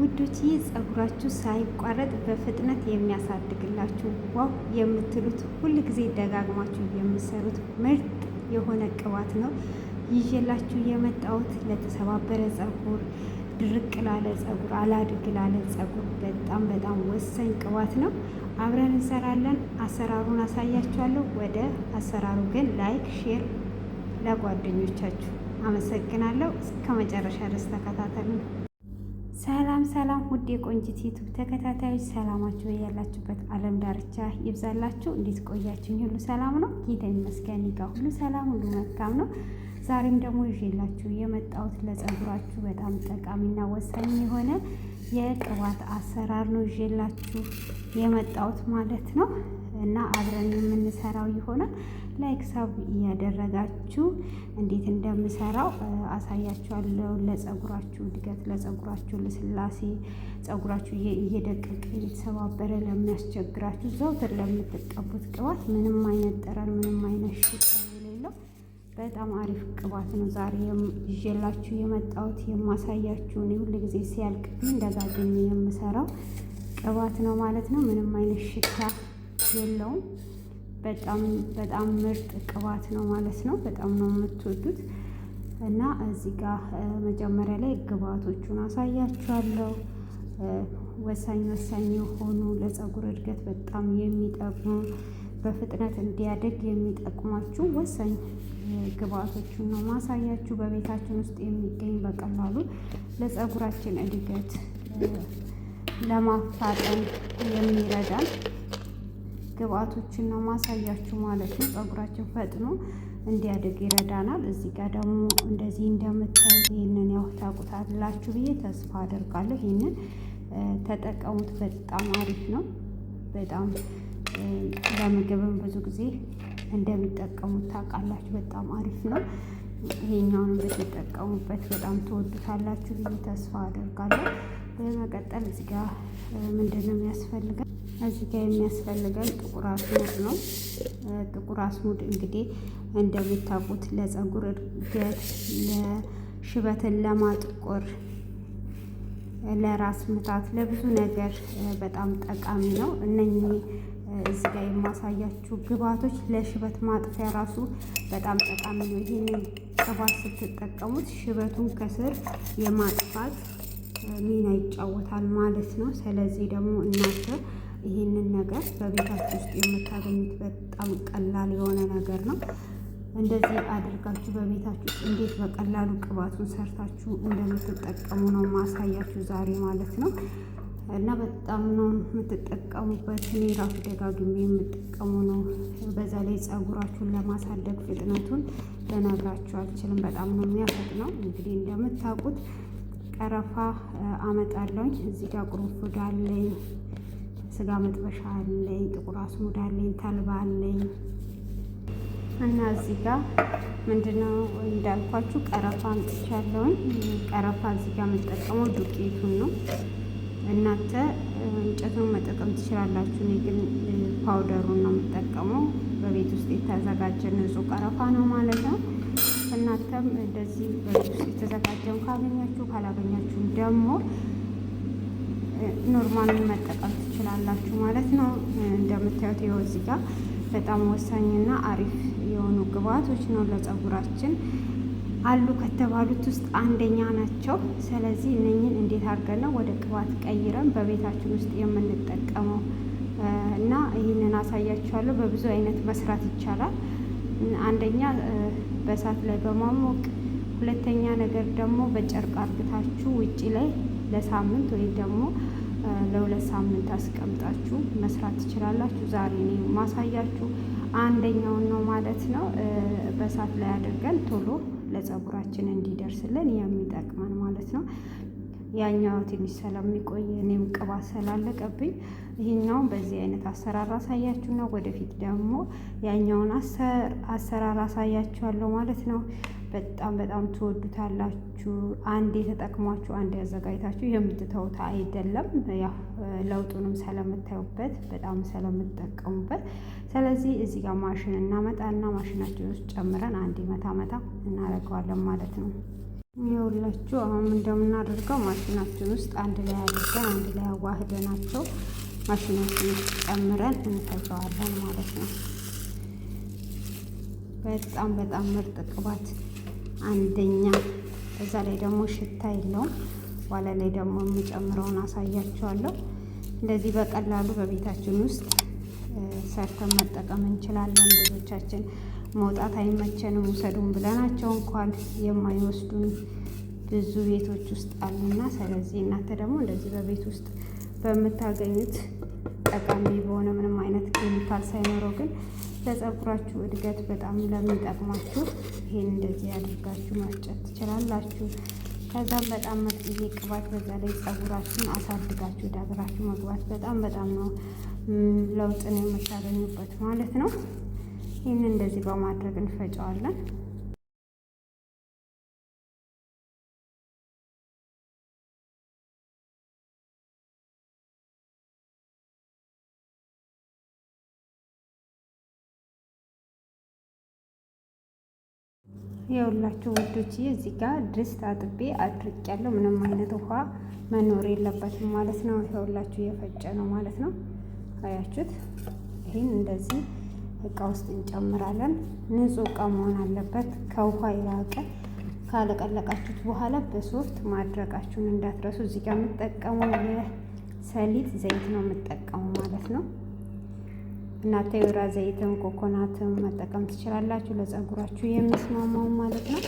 ውዶች ይህ ጸጉራችሁ ሳይቋረጥ በፍጥነት የሚያሳድግላችሁ ዋው የምትሉት ሁል ጊዜ ደጋግማችሁ የሚሰሩት ምርጥ የሆነ ቅባት ነው ይዤላችሁ የመጣሁት ለተሰባበረ ጸጉር፣ ድርቅ ላለ ጸጉር፣ አላድግ ላለ ጸጉር በጣም በጣም ወሳኝ ቅባት ነው። አብረን እንሰራለን። አሰራሩን አሳያችኋለሁ። ወደ አሰራሩ ግን ላይክ፣ ሼር ለጓደኞቻችሁ አመሰግናለሁ። እስከ መጨረሻ ድረስ ተከታተሉ። ሰላም ሰላም ውድ የቆንጂት ዩቱብ ተከታታዮች ሰላማችሁ ያላችሁበት ዓለም ዳርቻ ይብዛላችሁ። እንዴት ቆያችሁኝ? ሁሉ ሰላም ነው? ጌታ ይመስገን ጋር ሁሉ ሰላም፣ ሁሉ መልካም ነው። ዛሬም ደግሞ ይዤላችሁ የመጣሁት ለፀጉራችሁ በጣም ጠቃሚና ወሳኝ የሆነ የቅባት አሰራር ነው ይዤላችሁ የመጣሁት ማለት ነው። እና አብረን የምንሰራው ይሆናል። ላይክ ሳብ እያደረጋችሁ እንዴት እንደምሰራው አሳያችኋለሁ። ለጸጉራችሁ እድገት፣ ለጸጉራችሁ ልስላሴ፣ ጸጉራችሁ እየደቀቀ እየተሰባበረ ለሚያስቸግራችሁ ዘውትር ለምትቀቡት ቅባት ምንም አይነት ጠረን፣ ምንም አይነት ሽታ በጣም አሪፍ ቅባት ነው ዛሬ ይዤላችሁ የመጣሁት የማሳያችሁ። እኔ ሁል ጊዜ ሲያልቅብኝ ደጋግሜ የምሰራው ቅባት ነው ማለት ነው። ምንም አይነት ሽታ የለውም። በጣም በጣም ምርጥ ቅባት ነው ማለት ነው። በጣም ነው የምትወዱት እና እዚህ ጋር መጀመሪያ ላይ ግብአቶቹን አሳያችኋለሁ። ወሳኝ ወሳኝ የሆኑ ለፀጉር እድገት በጣም የሚጠቅሙ በፍጥነት እንዲያደግ የሚጠቁማችሁ ወሳኝ ግብአቶችን ነው ማሳያችሁ። በቤታችን ውስጥ የሚገኝ በቀላሉ ለፀጉራችን እድገት ለማፋጠን የሚረዳን ግብአቶችን ነው ማሳያችሁ ማለት ነው። ፀጉራችን ፈጥኖ እንዲያደግ ይረዳናል። እዚህ ጋር ደግሞ እንደዚህ እንደምታዩት ይህንን ያው ታውቁታላችሁ ብዬ ተስፋ አደርጋለሁ። ይህንን ተጠቀሙት፣ በጣም አሪፍ ነው። በጣም ለምግብም ብዙ ጊዜ እንደሚጠቀሙት ታውቃላችሁ። በጣም አሪፍ ነው። ይሄኛውንም ብትጠቀሙበት በጣም ትወዱታላችሁ ብዬ ተስፋ አደርጋለሁ። በመቀጠል እዚህ ጋ ምንድን ነው የሚያስፈልገን? እዚህ የሚያስፈልገን ጥቁር አስሙድ ነው። ጥቁር አስሙድ እንግዲህ እንደሚታቁት ለፀጉር እድገት፣ ለሽበትን ለማጥቆር፣ ለራስ ምታት፣ ለብዙ ነገር በጣም ጠቃሚ ነው እነኚህ እዚህ ጋር የማሳያችሁ ግብአቶች ለሽበት ማጥፊያ ራሱ በጣም ጠቃሚ ነው። ይህንን ቅባት ስትጠቀሙት ሽበቱን ከስር የማጥፋት ሚና ይጫወታል ማለት ነው። ስለዚህ ደግሞ እናንተ ይህንን ነገር በቤታችሁ ውስጥ የምታገኙት በጣም ቀላል የሆነ ነገር ነው። እንደዚህ አድርጋችሁ በቤታችሁ ውስጥ እንዴት በቀላሉ ቅባቱን ሰርታችሁ እንደምትጠቀሙ ነው ማሳያችሁ ዛሬ ማለት ነው። እና በጣም ነው የምትጠቀሙበት። እኔ ራሱ ደጋግሜ የምጠቀሙ ነው። በዛ ላይ ጸጉራችሁን ለማሳደግ ፍጥነቱን ለነግራችሁ አልችልም። በጣም ነው ነው። እንግዲህ እንደምታውቁት ቀረፋ አመጣለሁኝ። እዚህ ጋር ቁርፍ አለኝ፣ ስጋ መጥበሻ አለኝ፣ ጥቁር አስሙድ አለኝ፣ ተልባ አለኝ እና እዚህ ጋር ምንድነው እንዳልኳችሁ ቀረፋ አምጥቻለሁኝ። ቀረፋ እዚህ ጋር የምጠቀመው ዱቄቱን ነው እናንተ እንጨቱን መጠቀም ትችላላችሁ። እኔ ግን ፓውደሩን ነው የምጠቀመው። በቤት ውስጥ የተዘጋጀ ንጹህ ቀረፋ ነው ማለት ነው። እናንተም እንደዚህ በቤት ውስጥ የተዘጋጀውን ካገኛችሁ፣ ካላገኛችሁም ደግሞ ኖርማልን መጠቀም ትችላላችሁ ማለት ነው። እንደምታዩት ይኸው እዚህ ጋር በጣም ወሳኝና አሪፍ የሆኑ ግብአቶች ነው ለጸጉራችን አሉ ከተባሉት ውስጥ አንደኛ ናቸው። ስለዚህ እነኝን እንዴት አድርገን ነው ወደ ቅባት ቀይረን በቤታችን ውስጥ የምንጠቀመው እና ይህንን አሳያችኋለሁ። በብዙ አይነት መስራት ይቻላል። አንደኛ በእሳት ላይ በማሞቅ ሁለተኛ ነገር ደግሞ በጨርቅ አርግታችሁ ውጪ ላይ ለሳምንት ወይም ደግሞ ለሁለት ሳምንት አስቀምጣችሁ መስራት ትችላላችሁ። ዛሬ እኔ ማሳያችሁ አንደኛውን ነው ማለት ነው። በእሳት ላይ አድርገን ቶሎ ለፀጉራችን እንዲደርስልን የሚጠቅመን ማለት ነው። ያኛው ትንሽ ስለሚቆይ እኔም ቅባት ስላለቀብኝ ይህኛውን በዚህ አይነት አሰራር አሳያችሁና ወደፊት ደግሞ ያኛውን አሰራር አሳያችኋለሁ ማለት ነው። በጣም በጣም ትወዱታላችሁ። አንዴ ተጠቅሟችሁ አንዴ አዘጋጅታችሁ የምትተውት አይደለም። ያው ለውጡንም ስለምታዩበት በጣም ስለምትጠቀሙበት፣ ስለዚህ እዚህ ጋር ማሽን እናመጣና ማሽናችን ውስጥ ጨምረን አንዴ መታ መታ እናደርገዋለን ማለት ነው። ይኸውላችሁ አሁን እንደምናደርገው ማሽናችን ውስጥ አንድ ላይ አድርገን አንድ ላይ አዋህደናቸው ማሽናችን ውስጥ ጨምረን እንፈጨዋለን ማለት ነው። በጣም በጣም ምርጥ ቅባት አንደኛ። እዛ ላይ ደግሞ ሽታ የለውም። ዋላ ላይ ደግሞ የምጨምረውን አሳያችኋለሁ። እንደዚህ በቀላሉ በቤታችን ውስጥ ሰርተን መጠቀም እንችላለን። ልጆቻችን መውጣት አይመቸንም ውሰዱን ብለናቸው እንኳን የማይወስዱን ብዙ ቤቶች ውስጥ አሉና፣ ስለዚህ እናንተ ደግሞ እንደዚህ በቤት ውስጥ በምታገኙት ጠቃሚ በሆነ ምንም አይነት ኬሚካል ሳይኖረው ግን ለጸጉራችሁ እድገት በጣም ለሚጠቅማችሁ ይሄን እንደዚህ አድርጋችሁ ማጨት ትችላላችሁ። ከዛም በጣም መጥዬ ቅባት በዛ ላይ ጸጉራችሁን አሳድጋችሁ ወደ መግባት በጣም በጣም ነው ለውጥን የምታገኙበት ማለት ነው። ይህን እንደዚህ በማድረግ እንፈጨዋለን። የሁላችሁ ውዶች እዚህ ጋር ድስት አጥቤ አድርቅ ያለው ምንም አይነት ውሃ መኖር የለበትም ማለት ነው። የሁላችሁ እየፈጨ ነው ማለት ነው። አያችሁት? ይህን እንደዚህ እቃ ውስጥ እንጨምራለን። ንጹህ እቃ መሆን አለበት፣ ከውሃ የራቀ ካለቀለቃችሁት በኋላ በሶፍት ማድረቃችሁን እንዳትረሱ። እዚህ ጋር የምጠቀመው የሰሊጥ ዘይት ነው የምጠቀመው ማለት ነው። እናንተ የወይራ ዘይትም ኮኮናትም መጠቀም ትችላላችሁ፣ ለፀጉራችሁ የሚስማማው ማለት ነው።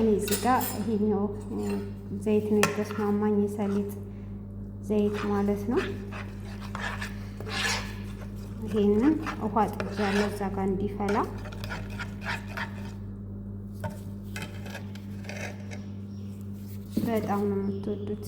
እኔ እዚህ ጋር ይሄኛው ዘይት ነው የተስማማኝ፣ የሰሊጥ ዘይት ማለት ነው። ይሄንን ውሃ ጥጃለሁ እዛ ጋር እንዲፈላ በጣም ነው የምትወዱት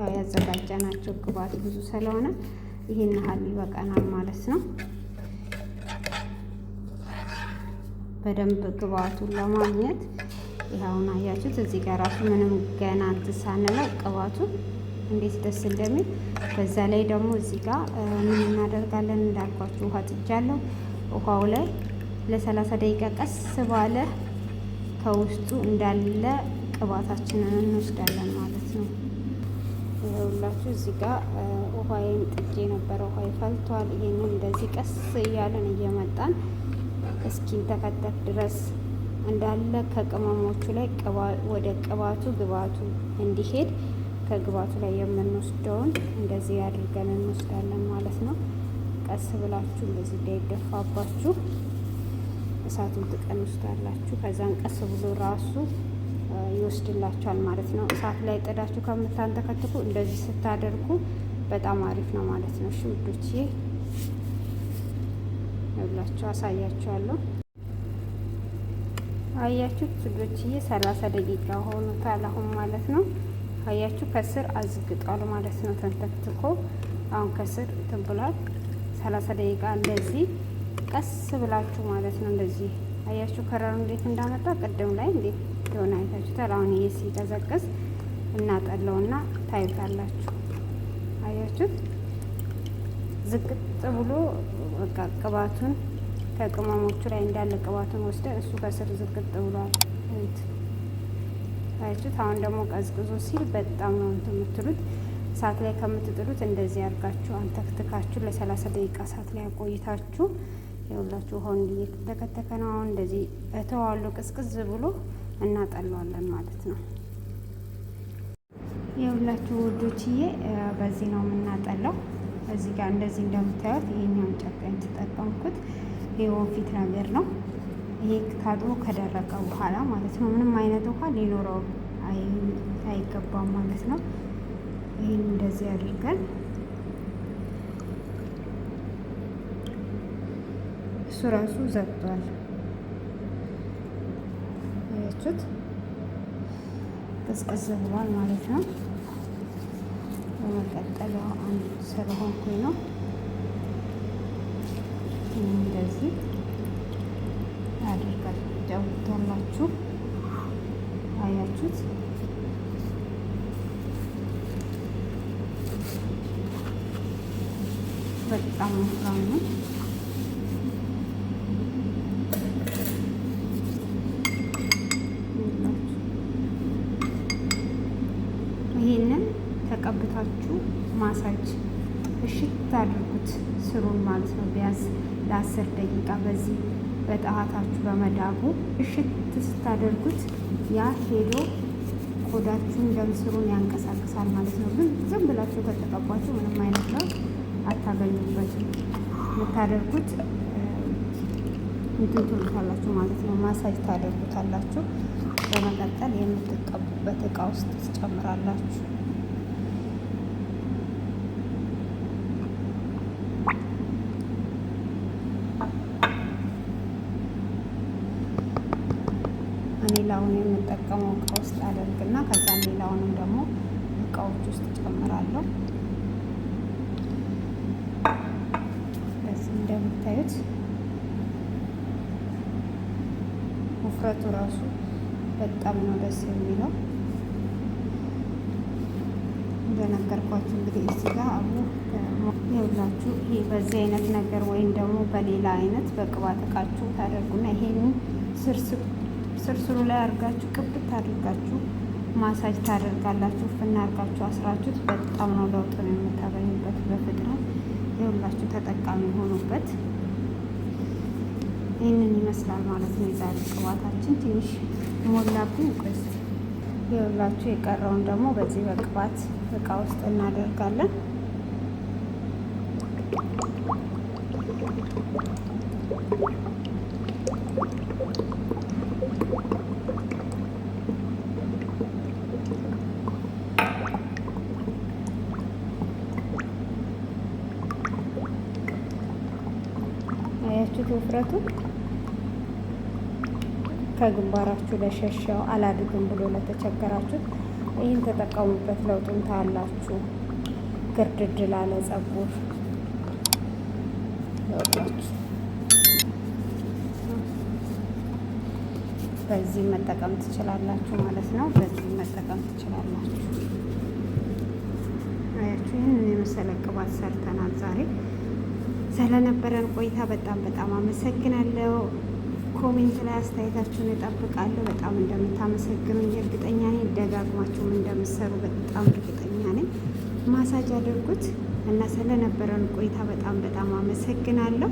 ያው ያዘጋጀናቸው ግብአት ብዙ ስለሆነ ይህን ያህል ይበቃናል ማለት ነው። በደንብ ግብአቱን ለማግኘት ይኸውን አያችሁት። እዚህ ጋር ራሱ ምንም ገና እንትን ሳንለው ቅባቱ እንዴት ደስ እንደሚል። በዛ ላይ ደግሞ እዚህ ጋር ምን እናደርጋለን እንዳልኳችሁ ውሃ ጥጃለሁ። ውሃው ላይ ለሰላሳ ደቂቃ ቀስ ባለ ከውስጡ እንዳለ ቅባታችንን እንወስዳለን ማለት ነው። ይኸውላችሁ እዚህ ጋር ውሃዬን ጥጄ ነበረ። ውሃ ፈልቷል። ይሄንን እንደዚህ ቀስ እያለን እየመጣን ተከተፍ ድረስ እንዳለ ከቅመሞቹ ላይ ወደ ቅባቱ ግባቱ እንዲሄድ ከግባቱ ላይ የምንወስደውን እንደዚህ አድርገን እንወስዳለን ማለት ነው። ቀስ ብላችሁ እንደዚህ እንዳይደፋባችሁ እሳቱን ጥቀን ውስጥ አላችሁ። ከዛን ቀስ ብሎ ራሱ ይወስድላቸዋል ማለት ነው። እሳት ላይ ጥዳችሁ ከምታንተከትኩ እንደዚህ ስታደርጉ በጣም አሪፍ ነው ማለት ነው። እሺ ውዶች ይብላችሁ አሳያችኋለሁ። አያችሁ ውዶችዬ ሰላሳ ደቂቃ ሆኖታል አሁን ማለት ነው። አያችሁ ከስር አዝግጧል ማለት ነው። ተንተክትኮ አሁን ከስር ብሏል ሰላሳ ደቂቃ እንደዚህ ቀስ ብላችሁ ማለት ነው። እንደዚህ አያችሁ ከረሩ እንዴት እንዳመጣ ቅድም ላይ እንዴት የሆነ አይታችሁታል። አሁን ይሄ ሲቀዘቅዝ እናጠለውና ታዩታላችሁ። አያችሁት? ዝቅጥ ብሎ በቃ ቅባቱን ከቅመሞቹ ላይ እንዳለ ቅባቱን ወስደን እሱ ከስር ዝቅጥ ብሏል። አያችሁት? አሁን ደግሞ ቀዝቅዞ ሲል በጣም ነው እንትን የምትሉት እሳት ላይ ከምትጥሉት እንደዚህ አድርጋችሁ አንተክትካችሁ ለሰላሳ ደቂቃ እሳት ላይ አቆይታችሁ የሁላችሁ ሆን እየተከተከ ነው። አሁን እንደዚህ እተዋለሁ ቅዝቅዝ ብሎ እናጠለዋለን ማለት ነው። የሁላችሁ ውዶችዬ በዚህ ነው የምናጠላው። እዚህ ጋር እንደዚህ እንደምታዩት ይሄኛውን ጨርቅ የተጠቀምኩት የወፊት ነገር ነው። ይሄ ታጥቦ ከደረቀ በኋላ ማለት ነው። ምንም አይነት ውሃ ሊኖረው አይገባም ማለት ነው። ይህን እንደዚህ አድርገን እሱ ራሱ ዘግቷል። እንዳያችሁት ቀዝቀዝ ብሏል ማለት ነው። በመቀጠል ያው አንድ ስለሆንኩኝ ነው እንደዚህ አድርጋል ደውታላችሁ። አያችሁት በጣም ነው ማሳጅ እሽት አድርጉት ስሩን ማለት ነው። ቢያንስ ለአስር ደቂቃ በዚህ በጣታችሁ በመዳቡ እሽት ስታደርጉት ያ ሄዶ ቆዳችሁን ደም ስሩን ያንቀሳቅሳል ማለት ነው። ግን ዝም ብላችሁ ከተቀባችሁ ምንም አይነት ለውጥ አታገኙበትም። የምታደርጉት እንትን ትሉታላችሁ ማለት ነው። ማሳጅ ታደርጉታላችሁ። በመቀጠል የምትቀቡበት እቃ ውስጥ ትጨምራላችሁ። ሌላውን የምጠቀመው እቃ ውስጥ አደርግና ከዛም ሌላውንም ደግሞ እቃዎች ውስጥ ጨምራለሁ። በዚህ እንደምታዩት ውፍረቱ ራሱ በጣም ነው ደስ የሚለው። እንደነገርኳችሁ እንግዲህ እዚህ ጋር አቡ ይኸውላችሁ ይሄ በዚህ አይነት ነገር ወይም ደግሞ በሌላ አይነት በቅባት እቃችሁ ታደርጉና ይሄንን ስርስር ስርስሩ ላይ አድርጋችሁ ቅብት አድርጋችሁ ማሳጅ ታደርጋላችሁ። ፍና አድርጋችሁ አስራችሁት በጣም ነው ለውጥ ነው የምታገኙበት በፍጥነት የሁላችሁ ተጠቃሚ የሆኑበት ይህንን ይመስላል ማለት ነው የዛሬ ቅባታችን። ትንሽ ሞላብኝ ቆስ የሁላችሁ የቀረውን ደግሞ በዚህ በቅባት እቃ ውስጥ እናደርጋለን። ስትመለከቱ ከግንባራችሁ ለሸሸው አላድግም ብሎ ለተቸገራችሁት ይህን ተጠቀሙበት። ለውጡን ታያላችሁ። ግርድድ ላለ ጸጉር በዚህ መጠቀም ትችላላችሁ ማለት ነው። በዚህ መጠቀም ትችላላችሁ። አያችሁ፣ ይህንን የመሰለ ቅባት ሰርተናል ዛሬ። ስለነበረን ቆይታ በጣም በጣም አመሰግናለሁ። ኮሜንት ላይ አስተያየታችሁን እጠብቃለሁ። በጣም እንደምታመሰግኑኝ እርግጠኛ ነኝ። ደጋግማችሁም እንደምሰሩ በጣም እርግጠኛ ነኝ። ማሳጅ አድርጉት እና ስለነበረን ቆይታ በጣም በጣም አመሰግናለሁ።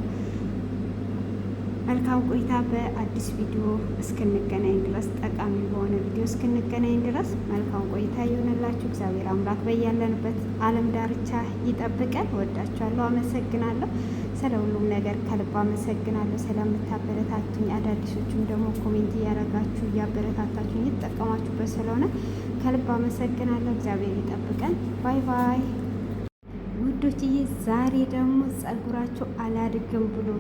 መልካም ቆይታ። በአዲስ ቪዲዮ እስክንገናኝ ድረስ ጠቃሚ በሆነ ቪዲዮ እስክንገናኝ ድረስ መልካም ቆይታ የሆነላችሁ። እግዚአብሔር አምላክ በያለንበት ዓለም ዳርቻ ይጠብቀን። ወዳችኋለሁ። አመሰግናለሁ። ስለ ሁሉም ነገር ከልብ አመሰግናለሁ። ስለምታበረታቱኝ አዳዲሶቹም ደግሞ ኮሜንት እያረጋችሁ እያበረታታችሁ እየተጠቀማችሁበት ስለሆነ ከልብ አመሰግናለሁ። እግዚአብሔር ይጠብቀን። ባይ ባይ ውዶችዬ። ዛሬ ደግሞ ጸጉራቸው አላድግም ብሎ